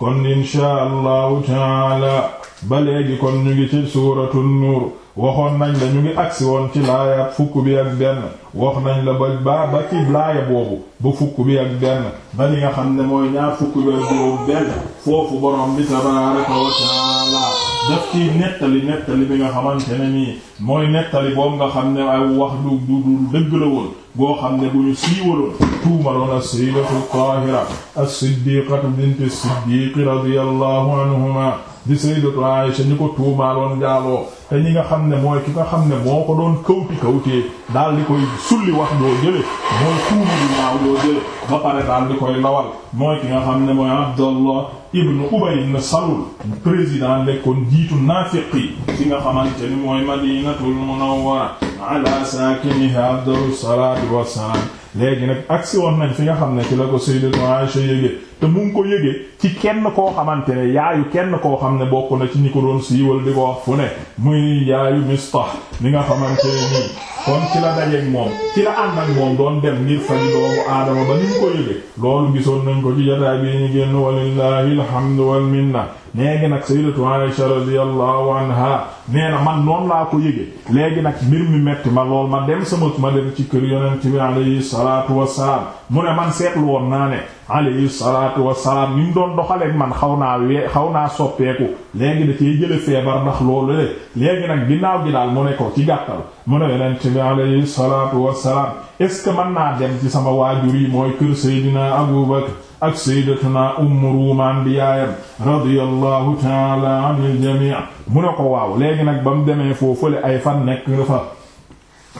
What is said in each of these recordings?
kon inshaa allahu taala ba léegi kon ñu ngi ci suuratu nuur waxoon nañ la ñu ngi aksi woon ci laaya fukk bi ak benn wax nañ la ba ba ba ci fukk bi ak benn ba li nga xam ne mooy ñaar fukk bi ak juróom benn foofu borom bi tabaaraka wa taala daf ciy nettali nettali bi nga xamante ne nii mooy nettali boobu nga xam ne ay wax du du du dëgg la woon boo xam ne bu ñu siiwaloon tuumaloon as-sayyidatu Taahira as-siddiqatu bint as-siddiq radiyallahu anhuma di sayyidatu Aisha ñi ko tuumaaloon njaaloo te ñi nga xam ne mooy ki nga xam ne moo ko doon kawti kawtee dal di koy sulli wax doo jële mooy tuuma di naaw doo jële ba pare di koy lawal mooy ki nga xam ne mooy Abdallah ibn Ubay ibn Salul président nekkoon jiitu naafiqi ci nga xamante ni mooy Madinatul Munawwara ala saakiniha afdalu salaatu wassalaam léegi nag agsi woon nañ fi nga xam ne ci la ko Sayyidatu Aisha yége te mu ko yëgee ci kenn koo xamante ne yaayu kenn koo xam ne bokku na ci ñi ko doon siiwal di ko wax fu ne muy yaayu Mistah li nga xamante ne nii kon ci la dajeek moom ci la ànd ak moom doon dem ngir faj doomu aadama ba ni mu ko yëgee loolu gisoon nañ ko ci jotaay bi ñu génn walillahi alhamdu wal minna léegi nag sayyidatu Aisha radiyallahu anha nee na man noonu laa ko yëge léegi nag mbir mi metti ma lool ma dem sama ma dem ci kër yonent bi alayhi salaatu wassalaam mu ne woon naa ne alayhi salaatu wassalaam ni mu doon doxalee man xaw naa wee xaw naa soppeeku léegi da cee jële feebar ndax loolu le léegi nag ginnaaw gi daal mu ne ko ci gàttal mu ne yonent bi alayhi salaatu wassalaam est-ce que mën naa dem ci sama waajur yi mooy kër Seydina Abu Bakr ak sayyidatuna Umm Ruumaan bi yaayam radiyallahu ta'ala anil jamii mu ne ko waaw léegi nag ba mu demee foofule ay fan nekk nga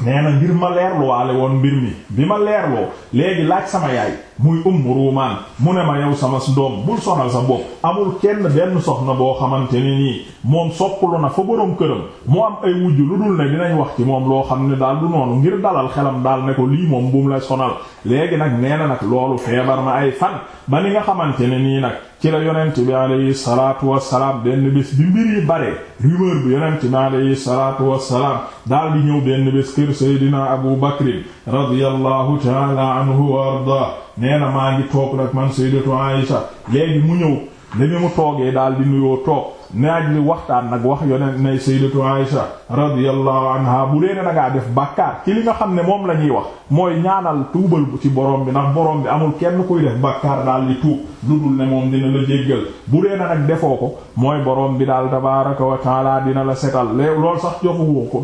nee na ngir ma leerlu waale woon mbir mi bi ma leerloo léegi laaj sama yaay muy ummu ruumaan mu ne ma yow sama doom bul sonal sa bopp amul kenn benn soxna boo xamante ne nii moom sopplu na fa boroom këram mu am ay wujj lu dul ne dinañ wax ci moom loo xam ne daal du noonu ngir dalal xelam daal ne ko lii moom bu mu la sonal léegi nag nee na nag loolu feebar na ay fan ba ni nga xamante ne nii nag ci la yonent bi alayhi salaatu wassalaam benn bés bi mbir yi bare rumeur bi yonent bi alayhi salaatu wassalaam daal di ñëw benn bés kër Seydina Abu Bakr radiyallahu ta'ala nee na maa ngi toog rek man sayyidatu Aisha léegi mu ñëw li mu toogee daal di nuyoo toog naaj li waxtaan nag wax yonent nay sayyidatu Aisha radiyallahu anha bu dee da ngaa def bàkkaar ci li nga xam ne moom la ñuy wax mooy ñaanal tuubal ci borom bi ndax borom bi amul kenn kuy def bàkkaar daal di tuub lu dul ne moom dina la jéggal bu dee nag defoo ko mooy borom bi daal tabaaraka wa taala dina la setal loolu sax joxu ko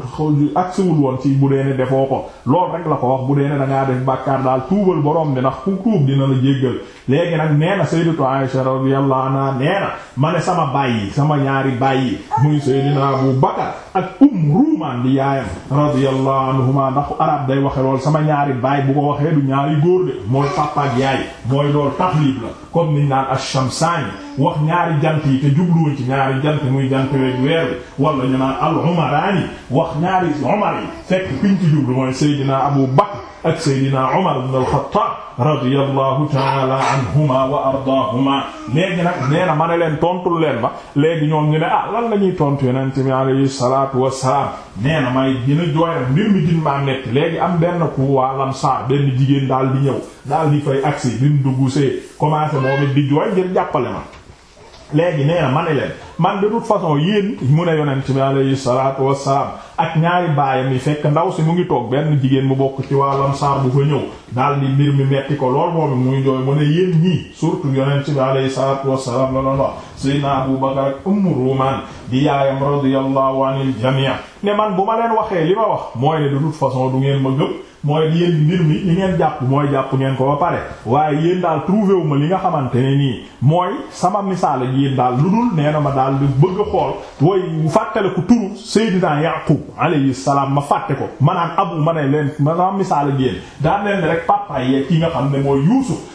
aksiwul woon ci bu dee ne defoo ko loolu rek la ko wax bu dee ne da ngaa def bàkkaar daal tuubal borom bi ndax ku tuub la jéggal léegi nag nee na sayyidatu Aisha radiyallahu anha nee na ma ne sama bàyyi sama sama ñaari bàyyi muy Seydina Abu Bakar ak Umm Rumaan di yaayam radiyallahu anhuma ndax arab day waxe lool sama ñaari baay bu ko waxee du ñaari góor de mooy papa ak yaay mooy lool taxlib la comme niñ naan ash-shamsaani wax ñaari jant yi te jubluwoon ci ñaari jant muy jant weeg weer wala ñu naan al-umaraani wax ñaari umar yi fekk piñ ci jublu mooy Seydina Abu Bakar ak Seydina Umar ibn al-Khattab radiyallahu ta'ala anhuma wa ardaahuma léegi nag nee na ma ne leen tontul leen ma léegi ñoom ñu ne ah lan la ñuy tontu yonent bi alayhi salaatu wassalaam nee na may gën a jooy rek mbir mi gën maa nekk léegi am benn ku waa Ansaar benn jigéen daal di ñëw daal di fay agsi bi mu dugg see commencé moom it di jooy ngir jàppale ma léegi nee na ma ne leen man de toute façon yéen mu ne yonent bi alayhi salaatu wassalaam ak ñaari baayam yi fekk ndaw si mu ngi toog benn jigéen mu bokk ci wàllam saar bu fa ñëw daal di mbir mi metti ko lool moom muy jooy mu ne yéen ñii surtout yonent bi alayhi salaatu wassalaam la doon wax Seydina Abu Bakar ak Ummu Ruumaan di yaayam radiyallahu anil jamii ne man bu ma leen waxee li ma wax mooy ne de toute façon du ngeen ma gëm mooy yéen mbir mi li ngeen jàpp mooy jàpp ngeen ko ba pare waaye yéen daal trouvé wu ma li nga xamante ne nii mooy sama misaal ak yéen daal lu dul nee ma daal di bëgg a xool way fàttale ko turu Seydina Yaqub alayhi salaam ma fàtte ko ma naan abu ma ne leen ma sama misaal ak yéen daan leen rek papa yeeg ki nga xam ne mooy Yuusuf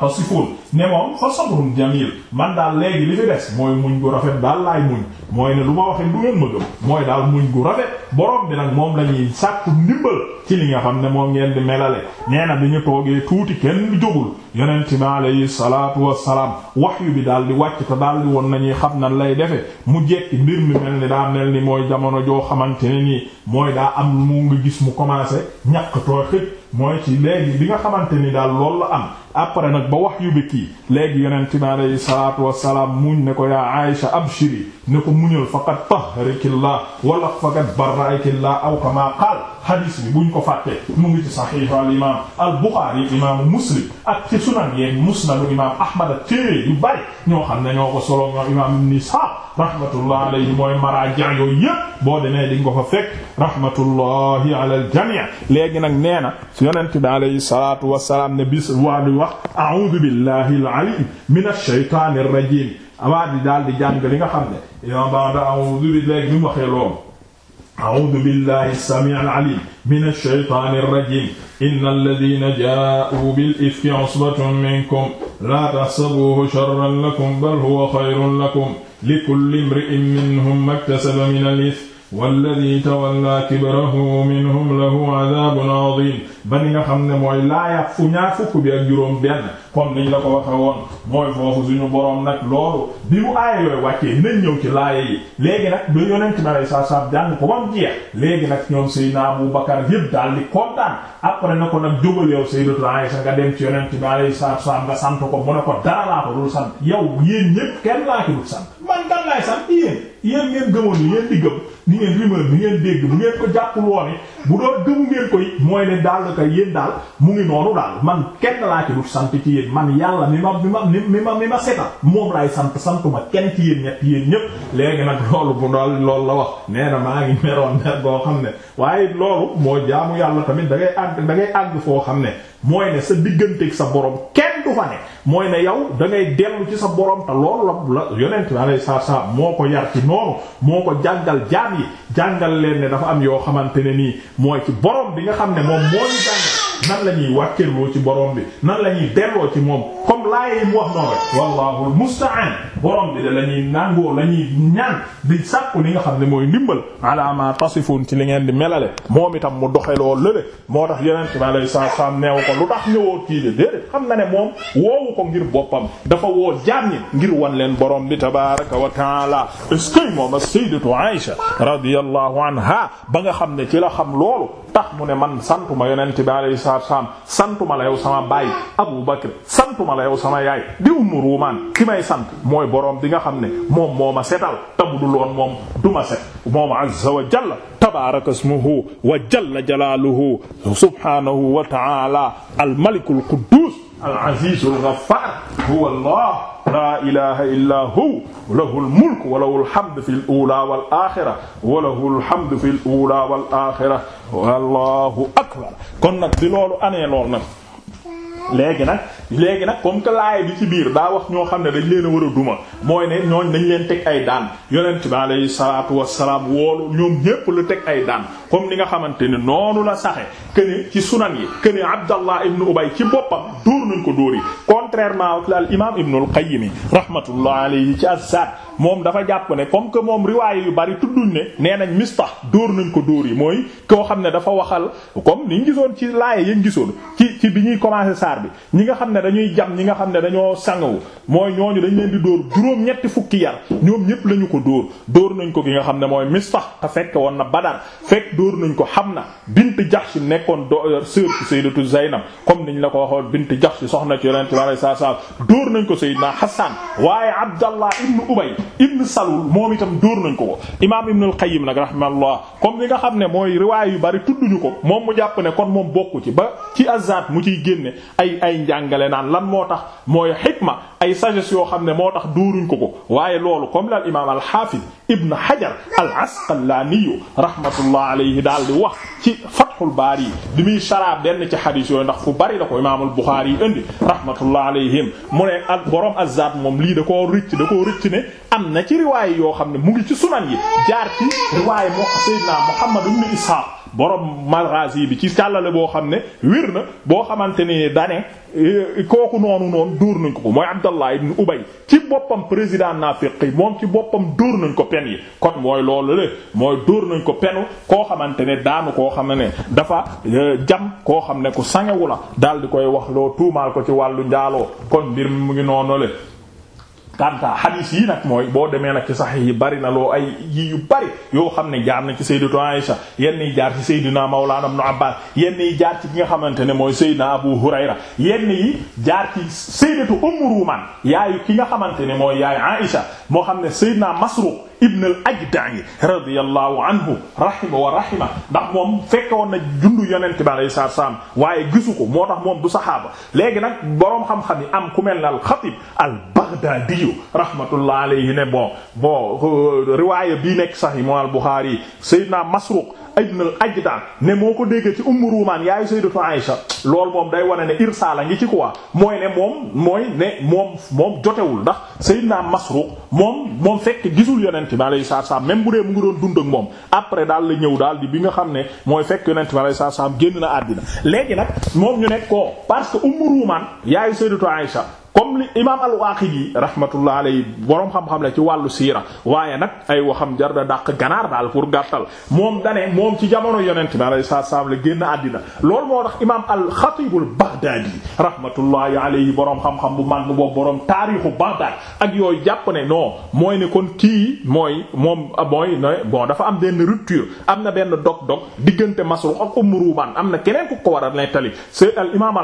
tasifuun ne moom fa sabrun jamil man daal léegi li fi des mooy muñ gu rafet daal laay muñ mooy ne lu ma waxee du ngeen ma gëm mooy daal muñ gu rafet borom bi nag moom la ñuy sàkku ndimbal ci li nga xam ne moom ngeen di melale nee na bi ñu toogee tuuti kenn jógul yonent bi alayhi salaatu wassalaam wahyu bi daal di wàcc te daal di woon nañuy xam nan lay defee mu jekki mbir mi mel ni daa mel ni mooy jamono joo xamante ne nii mooy daa am mu nga gis mu commencé ñàkk mooy ci léegi bi nga xamante ni daal loolu la am après nag ba wax yu bëkkii léegi yonent bi alayhi salaatu wassalaam ne ko yaa Aïsha abshiri ne ko muñal faqad tahrikillah wala faqad la aw kama qaal hadis bi buñ ko fàtte mu ngi ci saxiixu al imam al Buxaari imaamu Muslim ak ci sunan yeen imam Ahmad ak téere yu bari ñoo xam ne ñoo ko solo ñoo imam Ibn Ishaq rahmatullah alayhi mooy maraaja yooyu yépp boo demee di nga ko fa fekk rahmatullahi ala al jami' léegi nag nee na yonent bi alayhi salaatu wassalaam ne bis waa di wax a'uudu billahi al-ali minash shaytaanir rajiim waa di daal di jàng li nga xam ne yow baada a'uudu billahi bi mu waxee loolu a'uudu billahi as-samii'il 'aliim minash shaytaanir rajiim innal laziina jaa'uu bil ifki 'usbatun minkum laa tahsabuuhu sharran lakum bal huwa khayrun lakum likulli imri'in minhum maktasaba minal ithmi walladi tawalla kibrahu minhum lahu adabun adim ba ni nga xam ne mooy laaya fu ñaar fukk bi ak juróom benn comme niñ la ko waxe woon mooy foofu ñu boroom nag loolu bi mu aaya yooyu wàccee nañ ñëw ci laaya yi léegi nag ba yonent na lay saab-saab jàng ko bam jeex léegi nag ñoom Seydina Abu Bakar yëpp daal di kontaan après na ko nag jógal yow Sayyidatu Aisha nga dem ci yonent na lay saab-saab nga ko mu ne ko dara laa ko dul sant yow yéen ñépp kenn laa ci dul man kan laay sant ni ngeen rumeur bi ngeen dégg bu ngeen ko jàppul woon bu doon gëmu ngeen koy mooy ne daal ka yéen daal mu ngi noonu daal man kenn laa ci dut sant ci yéen man yàlla mi ma mi ma mi ma mi ma setal moom laay sant santuma kenn ci yéen ñëpp yéen nag loolu bu dool loolu la wax nee na maa ngi meroon mer boo xam ne waaye loolu moo jaamu yàlla tamit da ngay àgg da àgg foo xam ne mooy ne sa digganteek sa borom kenn du fa ne mooy ne yow da ngay ci sa borom te loolu la la yonent bi alayhi salaatu moo ko yar ci noonu moo ko jàngal jaam yi jàngal leen ne dafa am yoo xamante ne nii mooy ci borom bi nga xam ne moom moo ñu jàngal nan la ñuy wàkkirloo ci borom bi nan la ñuy delloo ci moom. laaya yi mu wax noonu rek wallaahu musta'an borom bi de la ñuy nangoo la ñuy ñaan di sàkku li nga xam ne mooy ndimbal ala ma tasifuun ci li ngeen di melale moom itam mu doxe lool lële moo tax yeneen ci alei saatu salaam neew ko lu tax ñëwoo kii de xam na ne moom woowu ko ngir boppam dafa woo jaam ñi ngir wan leen borom bi tabaraka wa taala est-ce que moom as-sayyidatu Aïsha radiyallahu ba nga xam ne ci la xam loolu tax mu ne man santu ma bi alayhi salaatu wa salaam santuma la yow sama baay Abu Bakr santuma la yow sama yaay di Ummu Ruumaan ki may sant mooy boroom bi nga xam ne moom moo ma setal te bu dul woon moom du ma set moom azza wa jalla tabaaraka ismuhu wa jalla jalaaluhu subhaanahu wa ta'aala al malikul al-aziz al-ghaffar huwa allah la ilaha illa hu lahu al-mulk wa lahu al-hamd fi al wa lahu al akbar kon nag di loolu anee lool nag léegi nag léegi nag comme que laay bi ci biir daa wax ñoo xam ne dañ leen a war a duma mooy ne ñooñ dañ leen teg ay daan yonent bi alayhi salaatu wassalaam woolu ñoom ñépp la teg ay daan comme ni nga xamante ne noonu la saxe kene ci sunan yi kene abdallah ibn ubay ci boppam nañ ko dóor yi contrairement ak al imam Ibn al-Qayyim rahmatullah ci az moom dafa jàpp ne comme que moom riwaay yu bari tudduñ ne nee nañ Mistah dóor nañ ko dóor yi mooy koo xam ne dafa waxal comme niñ gisoon ci laaya yañ gisoon ci ci bi ñuy commencer saar bi ñi nga xam ne dañuy jam ñi nga xam ne dañoo sangawu mooy ñooñu dañ leen di dóor juróom ñetti fukki yar ñoom ñépp lañu ko dóor dóor nañ ko gi nga xam ne mooy Mistah te fekk woon na Badar fekk dóor nañ ko Hamna bint Jahsh nekkoon do euh, sœur ci Sayyidatu Zaynab comme niñ la ko waxoon bint Jahsh soxna ci Yonent Yàlla saa saa dóor nañ ko Sayyidna Hassan waaye Abdallah ibn Ubay ibn Salul moom itam dóor nañ ko ko imaam Ibn al-Qayyim nag rahimahullah comme li nga xam ne mooy riwaay yu bari tudduñu ko moom mu jàpp ne kon moom bokku ci ba ci azab mu ciy génne ay ay njàngale naan lan moo tax mooy xikma ay sagesse yoo xam ne moo tax dóoruñ ko ko waaye loolu comme la imaam al-Hafiz Ibn Hajar al-Asqalani rahmatullah alayhi daal di wax ci Fathul Bari yi di muy saraab benn ci xadiis yooyu ndax fu bari la ko imaamul Buxaari yi indi rahmatullah alayhim mu ne ak borom azab moom lii da ko rëcc da koo rëcc am na ci riwaay yoo xam ne mu ngi ci sunan yi jaar ci riwaay moo Seydina Muhammad ibn borom Maghazi bi ci càllale boo xam ne wér na boo xamante ni dane eh, kooku noonu noonu dóor nañ ko ko mooy Abdallah ibn Ubay ci boppam président naafiq yi moom ci boppam dóor nañ ko pen yi kon mooy loolu le mooy dóor nañ ko penu koo xamante ne daanu koo xam ne dafa eh, jam koo xam ne ku sangewu la daal di koy wax loo tuumaal ko ci wàllu njaaloo kon mbir mu ngi noonu le kanta xadiis yi nag mooy boo demee nag ci yi bari na loo ay yi yu bari yoo xam ne jaar na ci sayyidatu Aïsha yenn yi jaar ci sayyidina Mawlana Ibn Abbas yenn yi jaar ci ki nga xamante ne mooy sayyidina Abu Hurayra yenn yi jaar ci sayyidatu Ummu Ruumaan yaayu ki nga xamante ne mooy yaayu Aïsha moo xam ne sayyidina Masruq ibn al ajda'i radiyallahu anhu rahima wa rahima ndax moom fekke woon na jundu yonent bi alayhi salaatu salaam waaye gisu ko moo tax moom du saxaaba léegi nag boroom xam-xam yi am ku mel ne al xatib al baghdaadi rahmatullah alayhi ne bon bon euh, riwaaya bii nekk sahih moom al buxaari sayyidina masruq ibn al ajda ne moo ko dégg ci ummu ruumaan yaayu sayyidatu aisha loolu moom day wane ne irsaala ngi ci quoi mooy ne moom mooy moom moom jotewul ndax sayyidina masruq moom moom fekk gisul yonent yonent bi alayhi salaatu salaam même bu dee mu ngi doon dund moom après daal la ñëw daal di bi nga xam ne mooy fekk yonent bi alayhi salaatu salaam génn na àddina léegi nag moom ñu nekk ko parce que Ummu Ruumaan yaayu Sayyidatu Aïsha comme li imaam al-Waaqidi rahmatullah alayhi boroom xam-xam la ci wàllu siira waaye nag ay waxam jar da dàq ganaar daal pour gàttal moom dane moom ci jamono yonent bi alayhi salaatu salaam la génn àddina loolu moo tax imaam al-Xatiib al-Baghdaadi rahmatullahi yi boroom xam-xam bu mag boobu boroom taarixu Baghdad ak yooyu jàpp na non mooy ne kon kii mooy moom mooy ne bon dafa am benn rupture am na benn dog-dog diggante Masruuq ak Umm Ruumaan am na keneen ku ko war a nettali c'est al imaam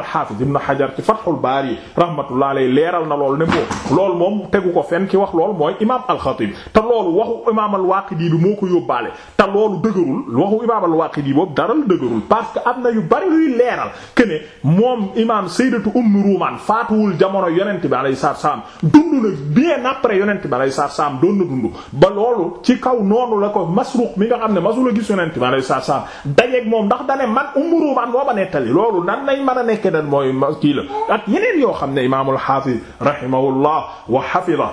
yi leeral na lool ne boo loolu moom tegu ko fenn ki wax lool mooy imaam al-Xatiib te loolu waxu imaam al-Waaqidi bi moo ko yóbbaale te loolu dëgërul waxu imaam al-Waaqidi boobu dara dëgërul parce que am na yu bari yuy leeral que ne moom imaam Sayyidatu Ummu Ruumaan faatuwul jamono yonent bi alayhi salaam dund na bien après yonent bi alayhi salaam doon na dund ba loolu ci kaw noonu la ko Masruuq mi nga xam ne masula gis yonent bi alayhi salaam dajeeg moom ndax dane man Ummu Ruumaan booba nettali loolu nan nañ mën a nekkee nan mooy kii la ak al-Hafiz rahimahullah wa hafiza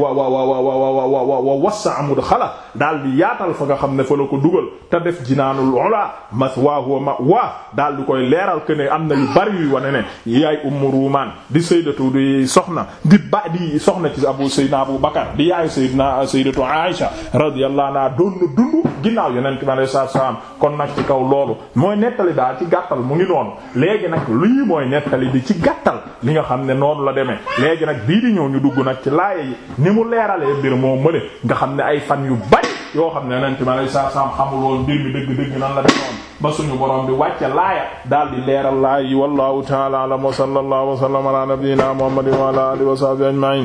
wa wassa mudxala daal di yaatal fa nga xam ne fa ko dugal te def jinaanul ula maswaahu wa ma'waa daal di koy leeral que am na yu bari yu wane ne yaay Ummu Ruumaan di sayyidatu di soxna di ba di soxna ci Abu Sayyidina Abu Bakar di yaayu Sayyidina sayyidatu Aisha radiyallahu anha doon na dund ginnaaw Yonent bi alayhi salaatu salaam kon nag ci kaw loolu mooy nettali daal ci gàttal mu ngi noonu léegi nag lii mooy nettali bi ci gàttal gàttal li nga xam ne noonu la demee léegi nag bii di ñëw ñu dugg nag ci laaya yi ni mu leeralee mbir moo mëne nga xam ne ay fan yu bari yoo xam ne yonent bi alayhi salaam xamul woon bir mi dëgg-dëgg nan la demoon ba suñu borom bi wàcce laaya daal di leeral laaya wallahu ta'ala a'lam wa sallallahu wa sallama ala nabiyyina muhammadin wa ala alihi wa sahbihi ajma'in